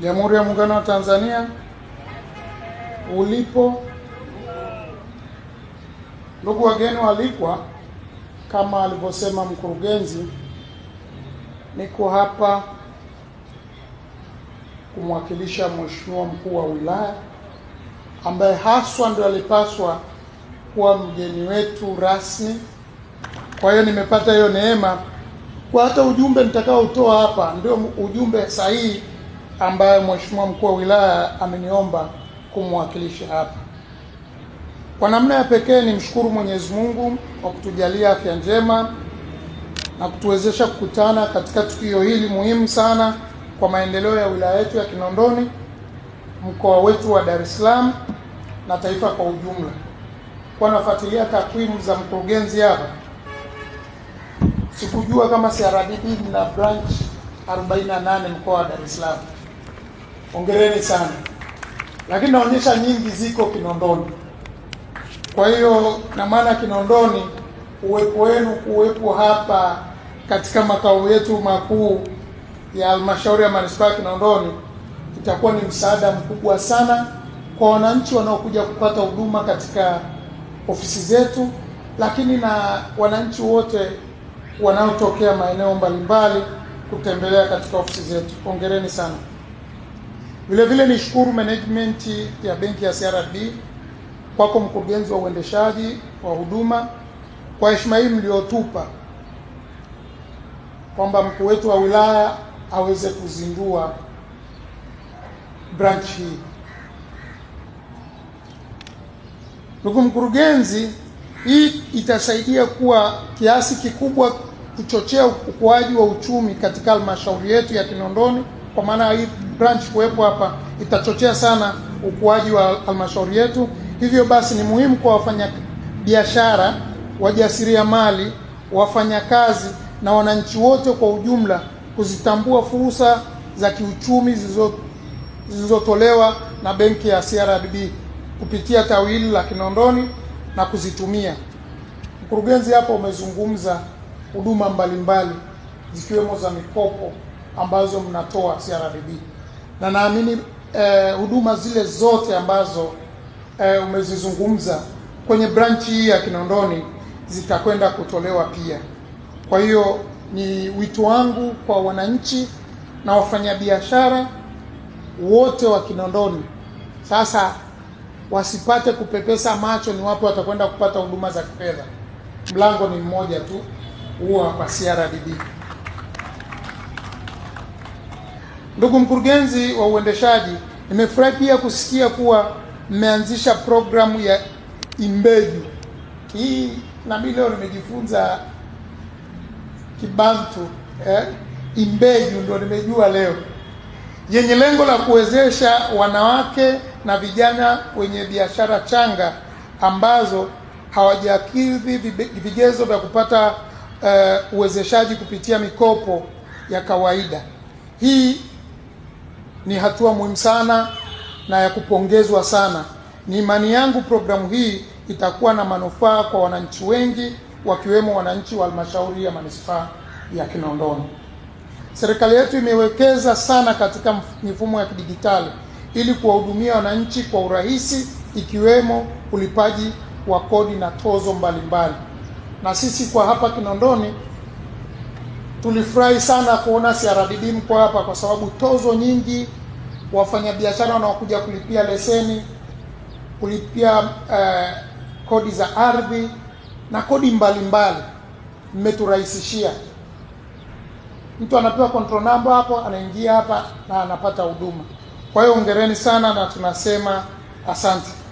Jamhuri ya Muungano wa Tanzania ulipo. Ndugu wageni waalikwa, kama alivyosema mkurugenzi, niko hapa kumwakilisha mheshimiwa mkuu wa wilaya ambaye haswa ndio alipaswa kuwa mgeni wetu rasmi. Kwa hiyo nimepata hiyo neema, kwa hata ujumbe nitakao utoa hapa ndio ujumbe sahihi ambayo mheshimiwa mkuu wa wilaya ameniomba kumwakilisha hapa. Kwa namna ya pekee nimshukuru Mwenyezi Mungu kwa kutujalia afya njema na kutuwezesha kukutana katika tukio hili muhimu sana kwa maendeleo ya wilaya yetu ya Kinondoni, mkoa wetu wa Dar es Salaam na taifa kwa ujumla. Kwa nafuatilia takwimu za mkurugenzi hapa, sikujua kama CRDB na branch 48 mkoa wa Dar es Salaam ongereni sana, lakini naonyesha nyingi ziko Kinondoni. Kwa hiyo na maana Kinondoni, uwepo wenu kuwepo hapa katika makao yetu makuu ya halmashauri ya manispaa ya Kinondoni itakuwa ni msaada mkubwa sana kwa wananchi wanaokuja kupata huduma katika ofisi zetu, lakini na wananchi wote wanaotokea maeneo mbalimbali kutembelea katika ofisi zetu. Hongereni sana. Vile vile shukuru management ya benki ya CRDB, kwako mkurugenzi wa uendeshaji wa huduma kwa heshima hii mliotupa kwamba mkuu wetu wa wilaya aweze kuzindua branch hii. Ndugu mkurugenzi, hii itasaidia kuwa kiasi kikubwa kuchochea ukuaji wa uchumi katika halmashauri yetu ya Kinondoni, kwa maana hii branch kuwepo hapa itachochea sana ukuaji wa halmashauri yetu. Hivyo basi ni muhimu kwa wafanyabiashara, wajasiriamali, wafanyakazi na wananchi wote kwa ujumla kuzitambua fursa za kiuchumi zilizotolewa na benki ya CRDB kupitia tawi hili la Kinondoni na kuzitumia. Mkurugenzi, hapo umezungumza huduma mbalimbali zikiwemo za mikopo ambazo mnatoa CRDB na naamini eh, huduma zile zote ambazo eh, umezizungumza kwenye branchi hii ya Kinondoni zitakwenda kutolewa pia. Kwa hiyo ni wito wangu kwa wananchi na wafanyabiashara wote wa Kinondoni sasa wasipate kupepesa macho ni wapi watakwenda kupata huduma za kifedha. Mlango ni mmoja tu, huo hapa CRDB. Ndugu mkurugenzi wa uendeshaji, nimefurahi pia kusikia kuwa mmeanzisha programu ya Imbeju. Hii nami leo nimejifunza Kibantu eh? Imbeju ndio nimejua leo, yenye lengo la kuwezesha wanawake na vijana wenye biashara changa ambazo hawajakidhi vigezo vya kupata uh, uwezeshaji kupitia mikopo ya kawaida. Hii ni hatua muhimu sana na ya kupongezwa sana. Ni imani yangu programu hii itakuwa na manufaa kwa wananchi wengi wakiwemo wananchi wa halmashauri ya manispaa ya Kinondoni. Serikali yetu imewekeza sana katika mifumo ya kidijitali ili kuwahudumia wananchi kwa urahisi, ikiwemo ulipaji wa kodi na tozo mbalimbali mbali. Na sisi kwa hapa Kinondoni tulifurahi sana kuona CRDB mko hapa, kwa sababu tozo nyingi wafanyabiashara wanaokuja kulipia leseni, kulipia eh, kodi za ardhi na kodi mbalimbali mmeturahisishia. Mtu anapewa control number hapo, anaingia hapa na anapata huduma. Kwa hiyo ongereni sana na tunasema asante.